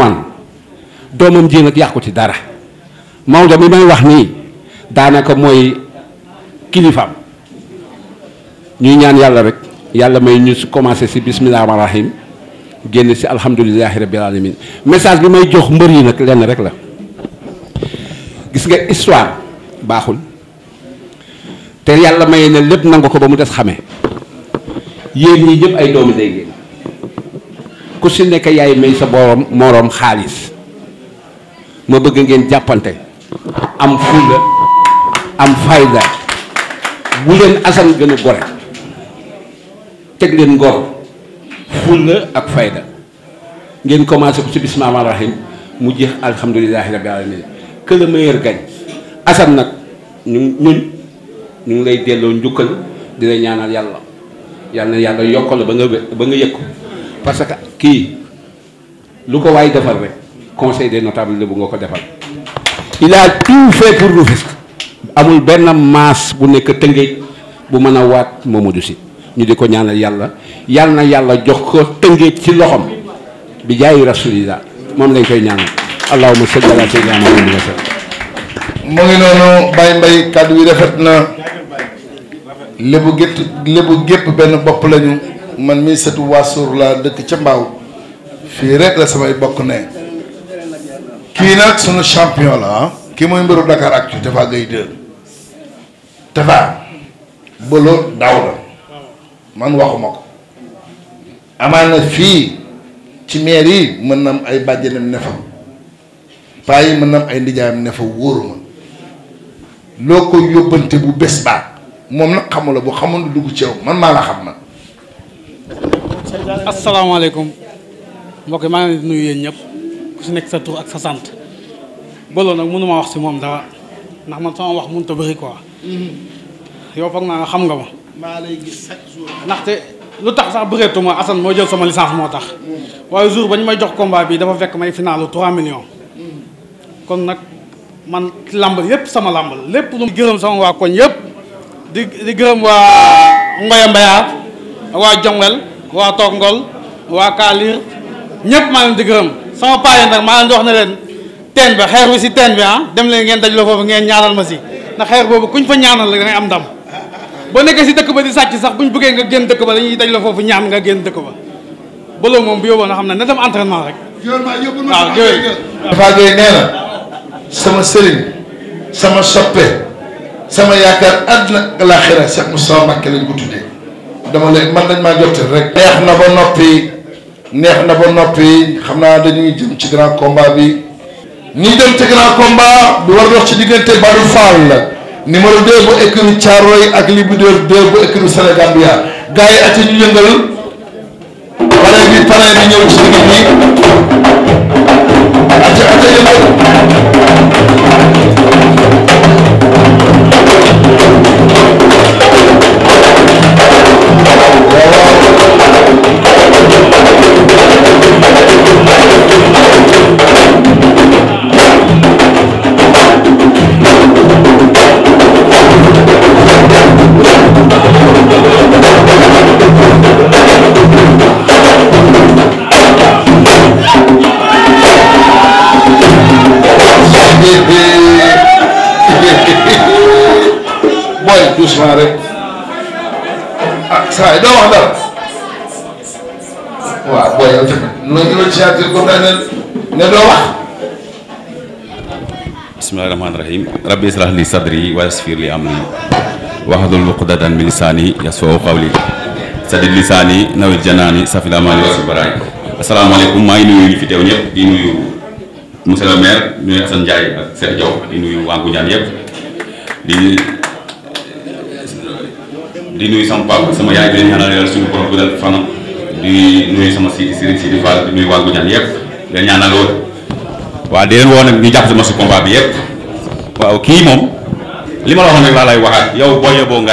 Ousmane doomam ji nag yàqu ci dara Maodo mi may wax nii daanaka mooy kilifaam ñuy ñaan yàlla rek yàlla may ñu commencé si bismillah rahmaani génn si alhamdulilahi rabil alamin message bi may jox mbër yi nag lenn rek la gis nga histoire baaxul te yàlla may ne lépp nangu ko ba mu des xamee yéen ñi ñëpp ay doomu day ku si nekk yaay may sa borom moroom xaalis ma bëgg ngeen jàppante am fulla am fayda bu leen asan gën a gore teg leen ngor fulla ak fayda ngeen commencé ko ci bismillaahi rahmaani rahiim mu jeex alhamdulillahi rabbil alamin que le meilleur gagne asan nag ñu ñun ñu ngi lay delloo njukkal di lay ñaanal yàlla yàlla na yàlla yokkal la ba nga ba nga yëg ko parce kii lu ko waay defal rek conseil des notables lébu nga ko defal il a fait pour Rufisque amul benn maas bu nekk Tëngéej bu mën a waat Mamadou Sy ñu di ko ñaanal yàlla yàlla na yàlla jox ko Tëngéej ci loxom bi jaayi rasulillah moom lañ koy ñaanal allahumma salli ala sayyidina Muhammad wa sallam mu ngi noonu Baye Mbaye kàddu yi rafet na lébu gétt lébu gépp benn bopp lañu man mii sëtu waasuur laa dëkk ca mbaaw fii rek la samay bokk ne kii nag sunu champion la ah. kii mooy mbiru Dakar ak ci Tafa Gueye 2 Tafa bëloo daaw la man waxuma ko amaana fii ci maire yi mën na am ay bàjjenam ne paa yi mën na am ay ndijaayam nefa fa wóoruma loo ko yóbbante bu bés baa moom nag xamula bu xamoon dugg ci man maa la xam man asalaamaaleykum mbokk maa ngi leen nuyu yéen ñëpp ku si nekk sa tur ak sa sant Bolo nag mënu ma wax si moom dara ndax man sama wax mënut a bëri quoi. Mm-hmm. yow foog naa nga xam nga ma. lay gis ndaxte lu tax sax bu ma Assane moo jël sama licence moo tax. Mm-hmm. waaye jour ba ñu may jox combat bi dafa fekk may finalu 3 millions. Mm-hmm. kon nag man làmb yépp sama làmbal lépp lu. di gërëm sama waa koñ yépp di di gërëm waa Ngoya Mbayaar waa Jongwel. waa Tongol waa Kaalir ñëpp maa leen di gërëm sama paa yi nag maa leen di wax ne leen teen ba xeer bi si teen bi ah dem leen ngeen daj foofu ngeen ñaanal ma si ndax xeer boobu kuñ fa ñaanal la dangay am ndam boo nekkee si dëkk ba di sàcc sax bu ñu bëggee nga génn dëkk ba dañuy daj la foofu ñaan nga génn dëkk ba ba loolu moom bu yóbboo na xam ne na dem entraînement rek. waaw jërëjëf. Moustapha Gueye nee na sama sëriñ sama soppe sama yaakaar àdduna ak laaxira Cheikh Moustapha Mbacké lañ ko tuddee. dama leen man dañ maa jottali rek. neex na ba noppi neex na ba noppi xam naa dañuy jëm ci grand combat bi. ñi dem ci grand combat bi war a dox ci diggante Badou Fall numéro 2 bu écurie Thiaroye ak Libidor 2 bu écurie Sénégambia gars yi ati ñu yëngal pare bi pare bi ñëw ci diggante. bàyyi doucement rek ah saa yi doo wax dara waaw booy yow tamit noonu la ci àgg comme dañ ne doo wax. bismillahi rahmaani rahim rabbi israh li sadri wa yassir li amri wahlul uqdatan min lisani yafqahu qawli sadi lisaani nawil janaani safil amaani wa subaraay asalaamaaleykum maa ngi nuyu ñu fi teew ñëpp di nuyu monsieur le maire nuyu Assane Ndiaye ak Seydou Diaw di nuyu waa Ngoundiane yëpp di. di nuyu sama papa sama yaay bi leen ñaanal yàlla suñu borom guddal fanam di nuyu sama Sidi Sidi Sidi Fall di nuyu waa Goujane yëpp di leen sama si combat bi yëpp ma la waxoon rek lay waxaat yow booy yóbboo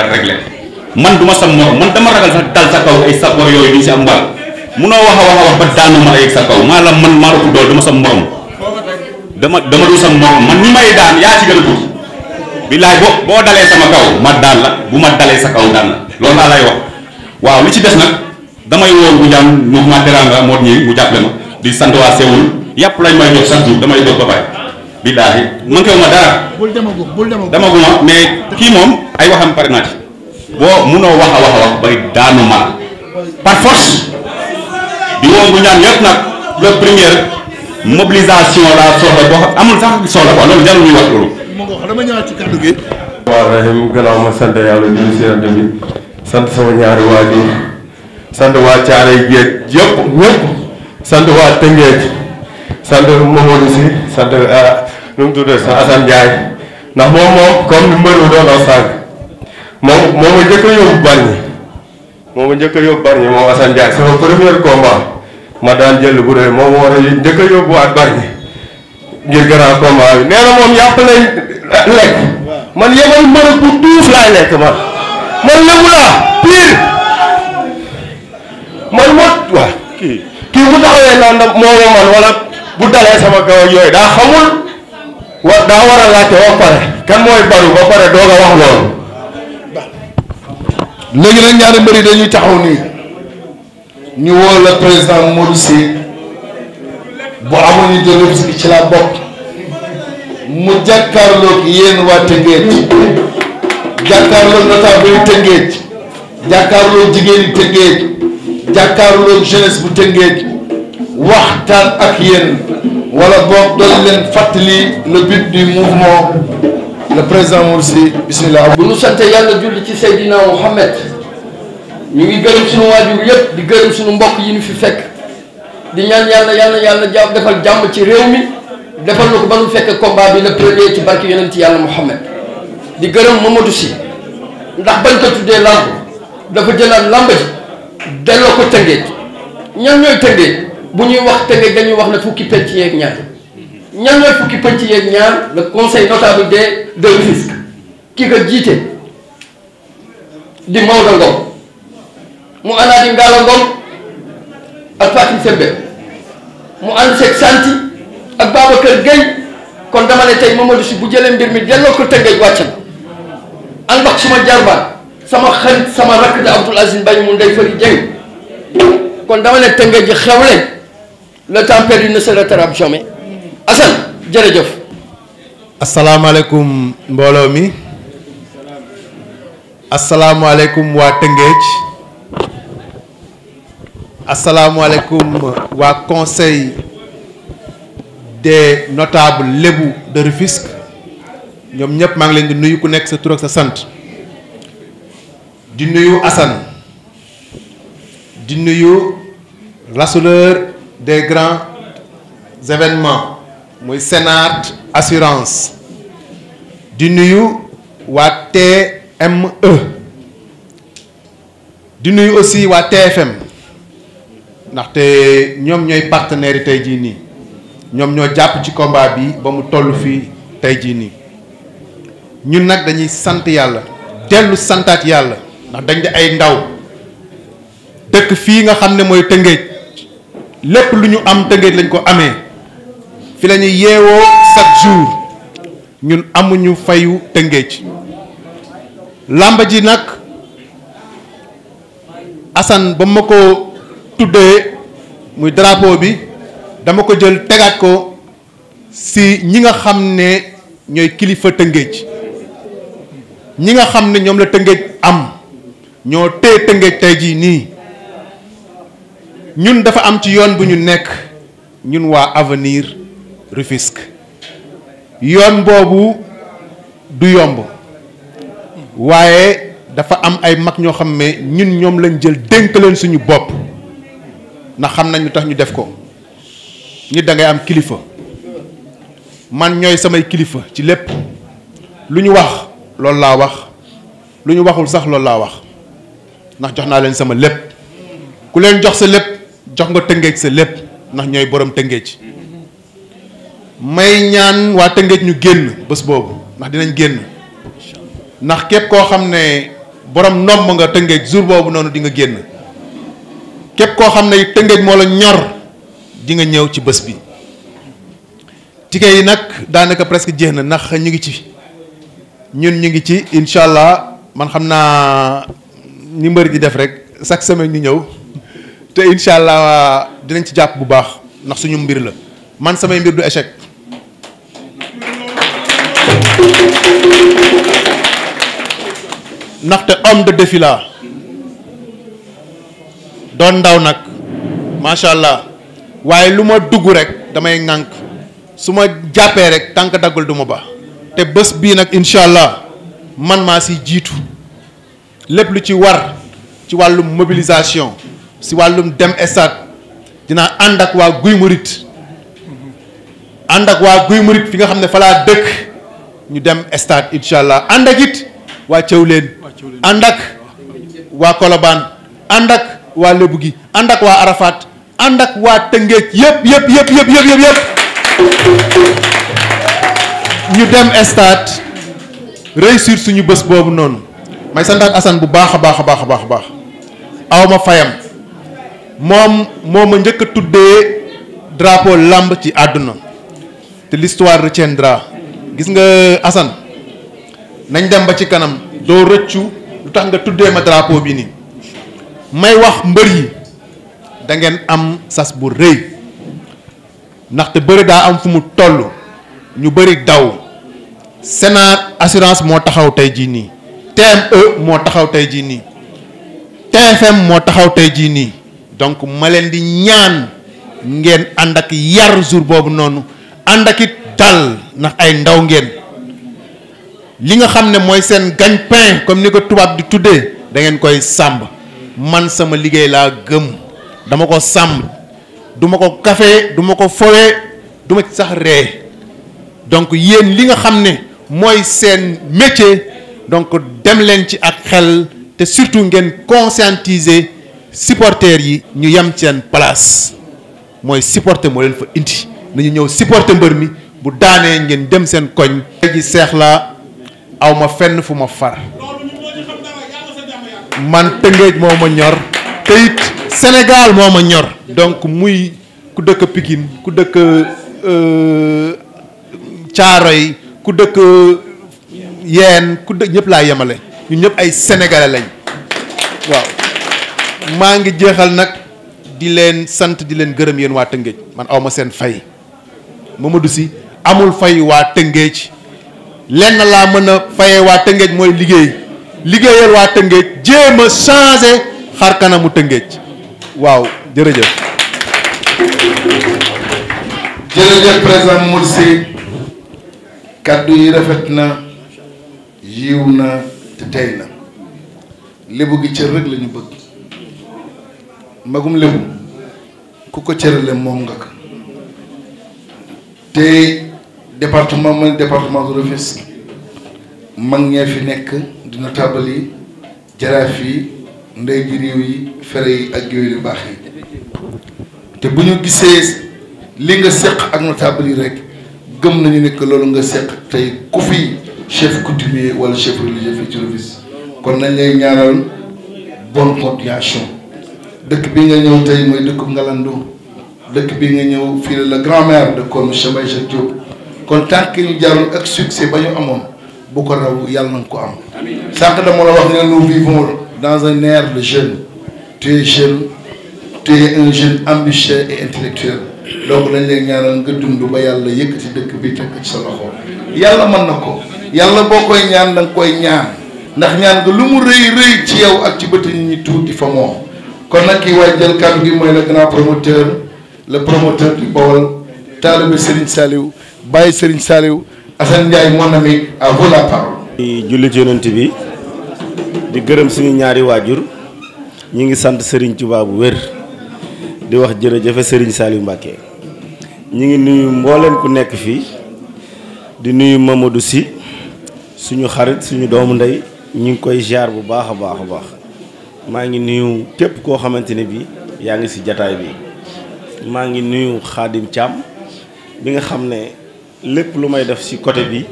man ma sa morom man dama ragal sax sa kaw ay sapoor si am mbal munoo wax a wax a wax ba daanu ma ay sa kaw maa la man maa la ko dool du ma sa dama du sa morom man ñi may daan yaa ci gën a tuuti billaay boo boo dalee sama kaw ma daan la bu ma dalee sa kaw daan loolu laa lay wax waaw lu ci des nag damay woo bu jàmm mouvement Teranga moo ñi mu jàppale ma di sant waa Séoul yàpp lañ may jox chaque jour damay jox ba pare billaahi manquéwu ma dara demaguma mais kii moom ay waxam pare naa ci boo munoo wax a wax a wax bay daanu ma par force di woo bu ñaan yëpp nag le première mobilisation la soxla boo xam amul sax soxla quoi loolu jarul ñuy wax loolu ma ko wax dama ñëwaat ci kàddu gi. waaw rahim gannaaw ma sant yàlla di nuyu seen bi sant sama ñaari waajur sant waa Thiaroye Géej yëpp ñëpp sant waa Tëngéej sant Mamadou si sant euh, nu mu tuddee sa Assane Ndiaye ndax moom moom comme ni mbër bi doon wax sànq moom moom ma njëkk a yóbbu Bargny moom ma njëkk a yóbbu Bargny moom Assane Ndiaye sama premier combat ma daan jël bu rëy moom war a njëkk a yóbbu waat Bargny ngir grand combat bi nee na moom yàpp lay lekk man yebal mën bu duuf laay lekk man man lebu laa man mot waa kii kii bu taxawee naan mooma man wala bu dalee sama kaw ak daa xamul wa daa war a laajte ba pare kan mooy baru ba pare doog a wax loolu léegi nag ñaari mbëri dañuy taxaw nii ñu woo la président Modou bu amul ñu jël ci la bokk mu jàkkaarloog yéen waa Tëngéej jàkkaarloog notable yi Tëngéej jàkkaarloog jigéen yi Tëngéej jàkkaarloog jeunesse bu Tëngéej waxtaan ak yéen wala boog doon leen fàttali le but du mouvement le président Morsi bismillah bu nu sante yàlla julli ci Seydina Mouhamed ñu ngi gërëm suñu yëpp di gërëm suñu mbokk yi ñu fi fekk di ñaan yàlla yàlla yàlla jàmm defal jàmm ci réew mi defal na ko ba nu fekk combat bi le premier ci barke yonent yàlla Mouhamed di gërëm Mamadou Sy ndax bañ ko tuddee làmb dafa jëlaat làmb delloo ko tëggee ñan ñooy tëngeej bu ñuy wax tëngeej dañuy wax ne fukki ci yeeg ñaar ñan ñooy fukki penc yeeg ñaar le conseil notable de Rufisque ki ko jiite di Maodo Ngom mu alaat yi Ngalla Ngom ak Fatim Sembe mu ànd seeg santi ak Babacar Gueye kon dama ne tey Mamadou Sy bu jëlee mbir mi delloo ko Tëngéej wàcc na ànd ak suma jarbaat sama xarit sama rakk da Abdoul Aziz Mbaye mu ndey fëri jëng kon dama ne Tëngéej ji xewle le temps perdu ne se rattrape jamais Assane jërëjëf asalaamaaleykum mbooloo mi asalaamaaleykum waa Tëngéej asalaamualeykum waa conseil des notables lébu de Rufisque ñoom ñëpp maa ngi leen di nuyu ku nekk sa tur sa sant di nuyu Assane di nuyu rassureur de grands événements muy Sénat assurance di nuyu waa TME di nuyu aussi waa TFM ndaxte ñoom ñooy partenaires yi tey jii nii ñoom ñoo jàpp ci combat bi ba mu toll fii tey jii nii ñun nag dañuy sant yàlla dellu santaat yàlla ndax dañ di ay ndaw dëkk fii nga xam ne mooy tëngéej lépp lu ñu am tëngéej lañ ko amee fi lañuy yeewoo chaque jour ñun amuñu fayu tëngéej làmba ji nag Assane ba ma ko tuddee muy drapeau bi dama ko jël tegaat ko si ñi nga xam ne ñooy kilifa tëngéej ñi nga xam ne ñoom la tëngéej am ñoo téye tëngéej tey jii nii ñun dafa am ci yoon bu ñu nekk ñun waa avenir Rufisque yoon boobu du yomb waaye dafa am ay mag ñoo xam ne ñun ñoom lañ jël dénk leen suñu bopp ndax xam nañu lu tax ñu def ko nit da ngay am kilifa man ñooy samay kilifa ci lépp lu ñu wax loolu laa wax lu ñu waxul sax loolu laa wax ndax jox naa leen sama lépp ku leen jox sa lépp jox nga tëngéej sa lépp ndax ñooy borom tëngéej may ñaan waa tëngéej ñu génn bés boobu ndax dinañ génn ndax képp koo xam ne borom nomb nga tëngéej jour boobu noonu di nga génn. képp koo xam ne tëngéej moo la ñor dinga ñëw ci bés bi ticket yi nag daanaka presque jeex na ndax ñu ngi ci ñun ñu ngi ci incha allah man xam naa ni mbër di def rek chaque semaine ñu ñëw te incha allah dinañ ci jàpp bu baax ndax suñu mbir la man samay mbir du échec ndaxte homme de doon ndaw nag macha allah waaye lu ma dugg rek damay ŋànk su ma jàppee rek tànk daggul du ba te bés bii nag incha allah man maa si jiitu lépp lu ci war ci wàllum mobilisation si wàllum dem stade dinaa ànd ak waa Guy Murit ànd ak waa Guy Murit fi nga xam ne falaa dëkk ñu dem stade incha allah ànd ak it waa Thiawlène ànd ak waa Colobane ànd ak waa lébu gi ànd ak waa Arafat ànd ak waa Tëngéej yëpp yëpp yëpp ñu dem stade réussir suñu bés boobu noonu may santaat Assane bu baax a baax a baax a baax a baax aw fayam moom moo ma njëkk a tuddee drapo làmb ci àdduna te l'histoire retiendra gis nga Assane nañ dem ba ci kanam doo rëccu lu tax nga tuddee ma drapeau bi nii may wax mbër yi da ngeen am sas bu rëy ndaxte bëri daa am fu mu toll ñu bëri daw Sénat assurance moo taxaw tey jii nii TME moo taxaw tey jii nii TFM moo taxaw tey jii nii donc ma leen di ñaan ngeen ànd ak yar jour boobu noonu ànd ak it dal ndax ay ndaw ngeen li nga xam ne mooy seen gagne-pain comme ni ko tubaab di tuddee da ngeen koy sàmb man sama liggéey laa gëm dama ko sàmm duma ko kafe du ma ko fowe duma ma ci sax ree donc yéen li nga xam ne mooy seen métier donc dem leen ci ak xel te surtout ngeen conscientiser supporters yi ñu yem seen place mooy supporter moo leen fa indi nañu ñëw supporter mbër mi bu daanee ngeen dem seen koñ. léegi seex la awma fenn fu ma far. man Tëngéej moo ma ñor te it moo ma ñor donc muy ku dëkk Pikine ku dëkk Caaroy euh, ku dëkk Yeen ku dëkk ñëpp laa yemale ñun ñëpp ay sénégalais lañ waaw maa ngi jeexal nag di leen sant di leen gërëm yéen waa Tëngéej man awma seen fay Mamadou Sy amul fay waa Tëngéej lenn laa mën a fayee waa Tëngéej mooy liggéey liggéeyal waa Tëngéej jéem a xar kanamu Tëngéej waaw jërëjëf. jërëjëf président Moursi kaddu yi rafet na yiw na te tey na lébu gi cër rek la bëgg magum lébu ku ko cërale moom nga ko te département mooy département de Rufisque mag ñee fi nekk. dina tàmbali jaraaf yi ndey ji réew yi fere yi ak yooyu lu baax yi te bu ñu gisee li nga seq ak notable yi rek gëm nañu ne que loolu nga seq tey ku fi chef coutumier wala chef religieux fii ci Rufisque kon nañ lay ñaanal bonne continuation dëkk bi nga ñëw tey mooy dëkk Ngalandu dëkk bi nga ñëw fii la grand maire de Kourou Cheikh Baye kon tant ñu jaarul ak succès ba ñu amoon. bu ko raw yàlla na nga ko am sànq dama la wax ne nous vivons dans un air de jeune tu es jeune tu es un jeune ambitieux et intellectuel donc dañ leen ñaanal nga dund ba yàlla yëkkati dëkk bi teg ci sa loxo yàlla mën na ko yàlla boo koy ñaan da nga koy ñaan ndax ñaan nga lu mu rëy rëy ci yow ak ci bët nit ñi tuuti fa moo kon nag ki waay jël kàddu gi mooy le grand promoteur le promoteur du Bawol taalibe Serigne Saliou Baye Serigne Saliou Assane Ndiaye mon ami à vous la jullit yonent bi di gërëm suñu ñaari waajur ñu ngi sant sëriñ Touba bu wér di wax jërëjëf Serigne Saliou Mbacké ñu ngi nuyu mbooleem ku nekk fii di nuyu Mamadou si suñu xarit suñu doomu ndey ñu ngi koy jaar bu baax a baax a baax maa ngi nuyu képp koo xamante ne bi yaa ngi si jataay bi maa ngi nuyu Khadim Thiam bi nga xam ne. lépp lu may def ci côté bi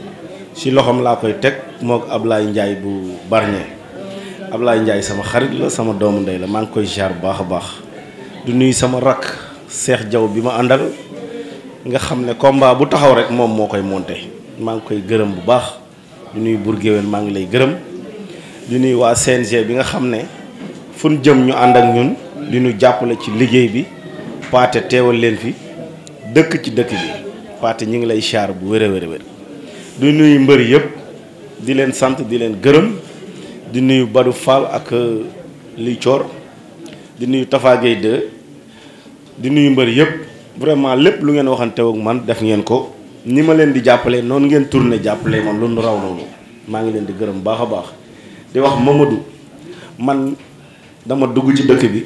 ci loxoom laa koy teg moog Ablaye Ndiaye bu ab Ablaye njaay sama xarit la sama doomu ndey la maa ngi koy jaar bu baax a baax du nuyu sama rakk Cheikh Diaw bi ma àndal nga xam ne combat bu taxaw rek moom moo koy monté maa ngi koy gërëm bu baax du nuy Bourgéwén maa ngi lay gërëm du nuy waa CNG bi nga xam ne fun jëm ñu ànd ak ñun di ñu jàppale ci liggéey bi paate teewal leen fi dëkk ci dëkk bi Pathé ñi ngi lay char bu wér a wér a wér mbër yëpp di leen sant di leen gërëm di nuyu Badou Fall ak euh, Liy Coor di nuyu Tafa Gueye 2 di nuyu mbër yëpp vraiment lépp lu ngeen waxante man def ngeen ko ni ma leen di jàppale noonu ngeen tourné jàppale man lu nu raw noonu maa ngi leen di gërëm baax a baax di wax Mamadou man dama dugg ci dëkk bi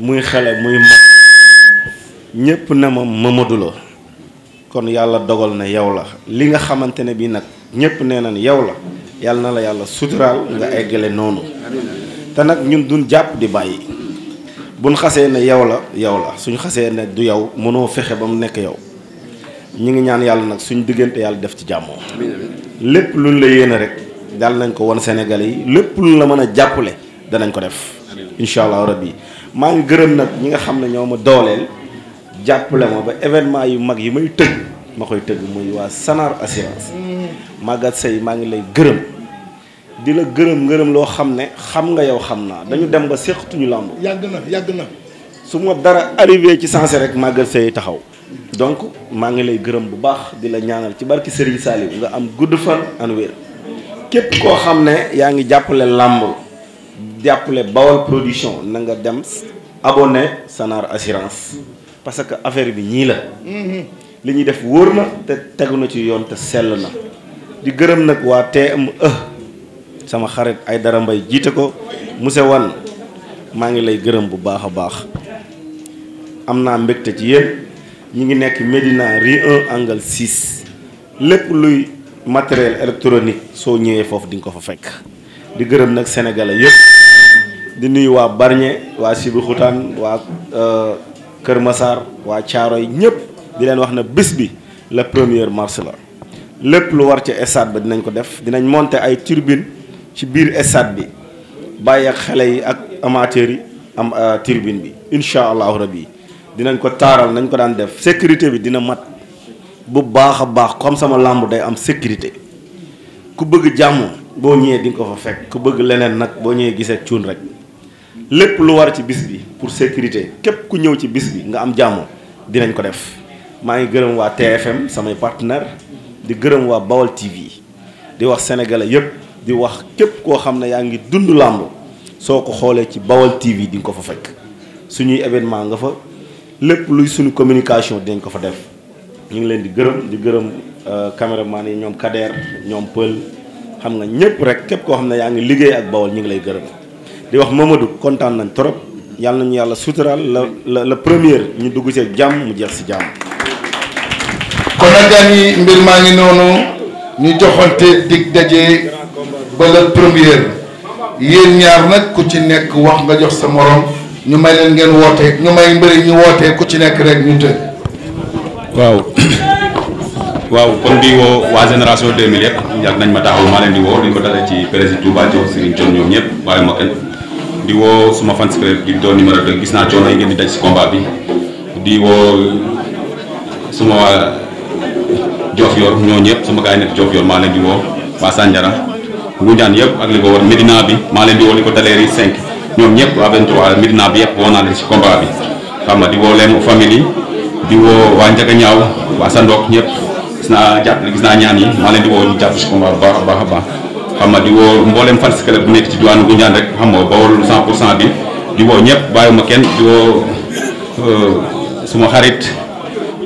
muy xale muy mag ñépp na ma Mamadou kon yàlla dogal na yow la li nga xamante ne bii nag ñëpp nee nañ yow la yàlla na la yàlla suturaal nga eggale noonu te nag ñun duñ jàpp di bàyyi buñ xasee ne yow la yow la suñ xasee ne du yow mënoo fexe ba mu nekk yow ñu ngi ñaan yàlla nag suñ diggante yàlla def ci jàmmoo lépp luñ la yéene rek dal nañ ko won Sénégal yi lépp luñ la mën a jàppale danañ ko def incha allah rabbi maa ngi gërëm nag ñi nga xam ne ñoo ma dooleel jàppale ma ba événement yu mag yi may tëgg ma koy tëgg muy waa Sanar assurance mm. Maguette Seye maa ngi lay gërëm di la gërëm ngërëm loo xam ne xam nga yow xam naa dañu dem ba séqatuñu làmb yàgg yàgg na su ma dara arrivé ci sensé rek Maguette Seye taxaw donc maa ngi lay gërëm bu baax di la ñaanal ci barki Serigne Saliou nga am gudd fan an wér képp koo xam ne yaa ngi jàppale làmb jàppale Bawol production na nga dem abonné Sanar assurance parce que affaire bi ñii la li ñuy def wóor na te tegu na ci yoon te sell na di gërëm nag waa TME sama xarit ay dara mbay jiite ko monsieur Wan maa ngi lay gërëm bu baax a baax am naa mbégte ci yéen ñi ngi nekk Médina rue 1 angle 6 lépp luy matériel électronique soo ñëwee foofu di nga ko fa fekk di gërëm nag sénégalais yëpp di nuyu waa Bargny waa Sébikotane waa euh, Kër Massar waa yi ñëpp di leen wax na bés bi le premier mars la lépp lu war ca stade ba dinañ ko def dinañ monter ay turbine ci biir stade bi bàyyi ak xale yi ak amateurs yi am euh, turbine bi incha allahu rabi dinañ ko taaral nañ ko daan def sécurité bi dina mat bu baax a baax comme sama làmb day am sécurité ku bëgg jàmm boo ñëwee di nga ko fekk ku bëgg leneen nag boo ñëwee gisee cuun rek lépp lu war ci bis bi pour sécurité képp ku ñëw ci bis bi nga am jàmm dinañ ko def maa ngi gërëm waa TFM samay partenaire di gërëm waa Bawal TV di wax sénégalais yëpp di wax képp koo xam ne yaa ngi dund làmb soo ko xoolee ci Bawal TV di nga ko fa fekk suñuy événement nga fa lépp luy suñu communication dinañ ko fa def ñu ngi leen di gërëm di gërëm euh, caméraman yi ñoom Kader ñoom Pël xam nga ñëpp rek képp koo xam ne yaa ngi liggéey ak Bawal ñu ngi lay gërëm di wax Mamadou kontaan nañ trop yàlla nañu yàlla suturaal la la la première ñu dugg ci jàmm mu jeex si jàmm. kon nag gan yi mbir maa ngi noonu ñu joxante dig daje ba la première yéen ñaar nag ku ci nekk wax nga jox sa morom ñu may leen ngeen wootee ñu may mbëri ñu wootee ku ci nekk rek ñu tëj. waaw waaw kon di woo waa génération 2000 yëpp yàgg nañ ma taxaw maa leen di woo di ko dalee ci président Touba Diop Serigne Thion ñoom ñëpp waaye ma di woo suma fan secret di doon numéro 2 gis naa coono yi ngeen di daj si combat bi di woo suma waa Diofior ñoo ñëpp suma gars yi nekk Diofior maa leen di woo waa Sandiara Ngoundiane yëpp ak li ko war Medina bi maa leen di woo li ko dalee ri 5 ñoom ñëpp waa 23 Medina bi yëpp woo naa leen si combat bi xam nga di woo leen famille di woo waa Njaga Ñaaw waa Sandook ñëpp gis naa jàpp gis naa ñaan yi maa leen di woo jàpp si combat bu baax a baax a baax xam nga di woo mbooleem fans club bu nekk ci diwaanu Ngoundiane rek xam nga Bawol 100 pour cent bi di woo ñëpp bàyyiwuma kenn di euh, suma xarit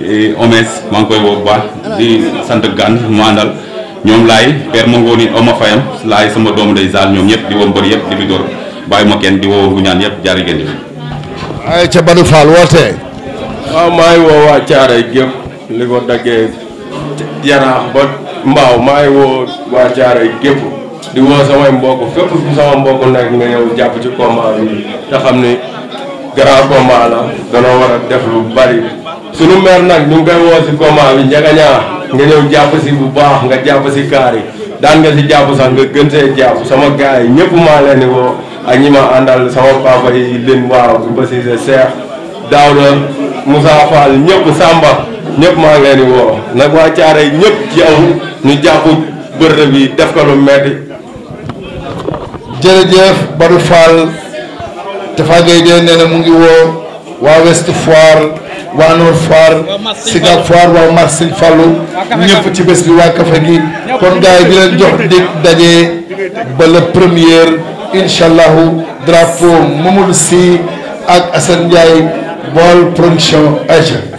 eh, Omes maa ngi koy woo baax di sant gan mu àndal ñoom laay père Mangoni Oma Fayam laay sama doom day zaal ñoom ñëpp di woo mbër yëpp di fi door bàyyiwuma kenn di woo Ngoundiane yëpp jaari ngeen jëf. waaye ca Badou Fall wootee. waaw maa ngi woo waa Thiaroye gépp li ko daggee Yaraax ba Mbaaw maa ngi woo waa Thiaroye gépp di woo samay mbokk fépp fu sama mbokk nekk nga yow jàpp ci combat bi te xam ni grand combat la danoo war a def lu bari suñu maire nag ñu ngi koy woo si combat bi njëkk a nga ñëw jàpp si bu baax nga jàpp si kaar yi daan nga si jàpp sax nga gën sama gars yi ñëpp maa leen di woo ak ñi sama papa yi leen waaw ba si sa Cheikh Daouda Moussa Fall ñëpp Samba ñëpp maa ngi leen di woo nag waa Thiaroye ñëpp ci aw ñu jàpp def ko lu jërëjëf Badou Fall Tafa Gueye de nee na mu ngi woo waa West Foire waa Nord Foire Sicap Foire waa Mar Sëñ Fallou ñëpp ci bés bi waa kafe kon gars yi di leen jox dig daje ba premier incha allahu drapeau Mamadou ak Assane Ndiaye bool production